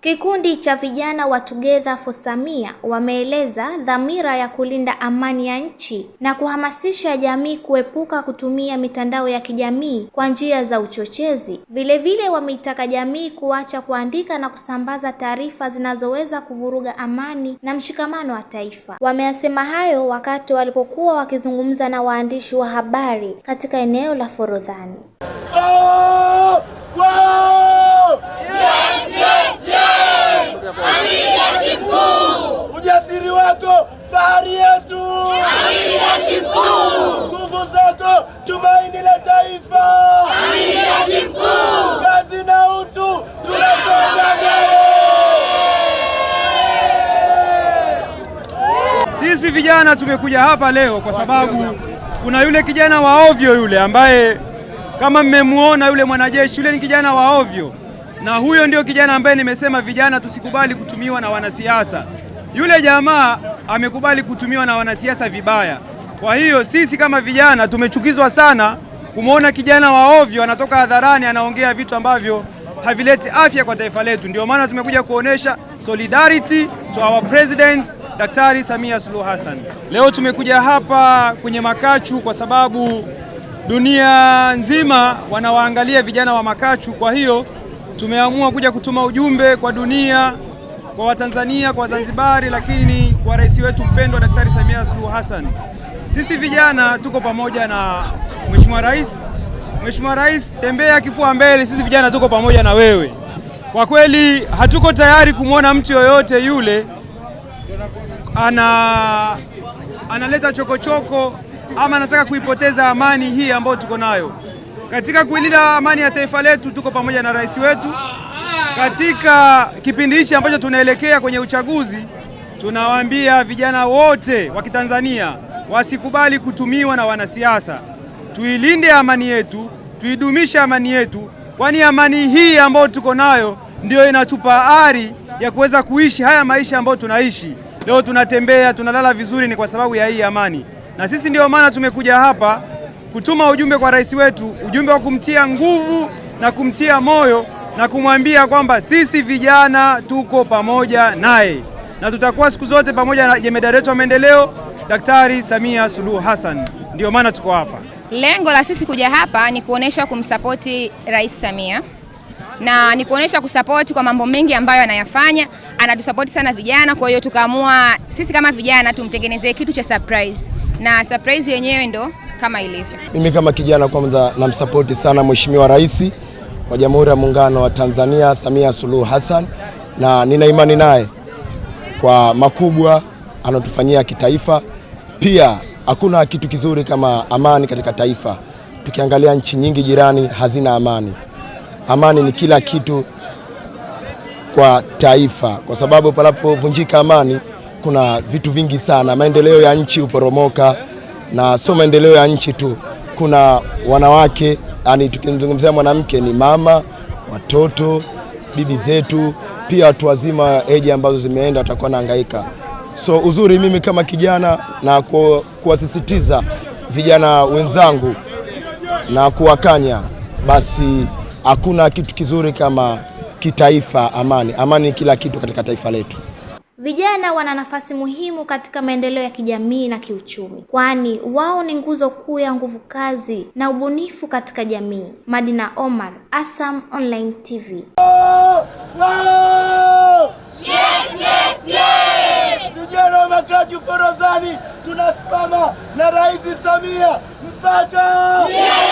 Kikundi cha vijana wa Together for Samia wameeleza dhamira ya kulinda amani ya nchi na kuhamasisha jamii kuepuka kutumia mitandao ya kijamii kwa njia za uchochezi. Vilevile wameitaka jamii kuacha kuandika na kusambaza taarifa zinazoweza kuvuruga amani na mshikamano wa taifa. Wameyasema hayo wakati walipokuwa wakizungumza na waandishi wa habari katika eneo la Forodhani. Oh! Manispaa. Mkuu. Kazi na utu tunasonga mbele. Sisi vijana tumekuja hapa leo kwa sababu kuna yule kijana wa ovyo yule ambaye kama mmemuona yule mwanajeshi yule ni kijana wa ovyo, na huyo ndio kijana ambaye nimesema vijana tusikubali kutumiwa na wanasiasa. Yule jamaa amekubali kutumiwa na wanasiasa vibaya. Kwa hiyo sisi kama vijana tumechukizwa sana kumwona kijana wa ovyo anatoka hadharani anaongea vitu ambavyo havileti afya kwa taifa letu. Ndio maana tumekuja kuonesha solidarity to our president Daktari Samia Suluhu Hassan. Leo tumekuja hapa kwenye Makachu kwa sababu dunia nzima wanawaangalia vijana wa Makachu. Kwa hiyo tumeamua kuja kutuma ujumbe kwa dunia, kwa Watanzania, kwa Wazanzibari, lakini kwa rais wetu mpendwa Daktari Samia Suluhu Hassan. Sisi vijana tuko pamoja na Mheshimiwa Rais, Mheshimiwa Rais, tembea kifua mbele, sisi vijana tuko pamoja na wewe. Kwa kweli hatuko tayari kumwona mtu yoyote yule ana analeta chokochoko ama anataka kuipoteza amani hii ambayo tuko nayo. Katika kuilinda amani ya taifa letu tuko pamoja na rais wetu. Katika kipindi hichi ambacho tunaelekea kwenye uchaguzi, tunawaambia vijana wote wa Kitanzania wasikubali kutumiwa na wanasiasa tuilinde amani yetu, tuidumishe amani yetu, kwani amani hii ambayo tuko nayo ndio inatupa ari ya kuweza kuishi haya maisha ambayo tunaishi leo. Tunatembea, tunalala vizuri, ni kwa sababu ya hii amani, na sisi ndiyo maana tumekuja hapa kutuma ujumbe kwa rais wetu, ujumbe wa kumtia nguvu na kumtia moyo na kumwambia kwamba sisi vijana tuko pamoja naye na tutakuwa siku zote pamoja na jemedari wetu wa maendeleo Daktari Samia Suluhu Hassan. Ndiyo maana tuko hapa. Lengo la sisi kuja hapa ni kuonesha kumsapoti Rais Samia na ni kuonesha kusapoti kwa mambo mengi ambayo anayafanya, anatusapoti sana vijana. Kwa hiyo tukaamua sisi kama vijana tumtengenezee kitu cha surprise, na surprise yenyewe ndo kama ilivyo. Mimi kama kijana, kwanza namsapoti sana Mheshimiwa Rais wa Jamhuri ya Muungano wa Tanzania Samia Suluhu Hassan, na nina imani naye kwa makubwa anatufanyia kitaifa pia Hakuna kitu kizuri kama amani katika taifa. Tukiangalia nchi nyingi jirani hazina amani. Amani ni kila kitu kwa taifa, kwa sababu panapovunjika amani kuna vitu vingi sana, maendeleo ya nchi huporomoka, na sio maendeleo ya nchi tu, kuna wanawake, yani tukizungumzia mwanamke ni mama, watoto, bibi zetu, pia watu wazima eji ambazo zimeenda watakuwa naangaika So uzuri mimi kama kijana na kuwasisitiza vijana wenzangu na kuwakanya, basi hakuna kitu kizuri kama kitaifa amani. Amani kila kitu katika taifa letu. Vijana wana nafasi muhimu katika maendeleo ya kijamii na kiuchumi, kwani wao ni nguzo kuu ya nguvu kazi na ubunifu katika jamii. Madina Omar, ASAM Online TV. Oh, oh. minha! Me pega! Yeah!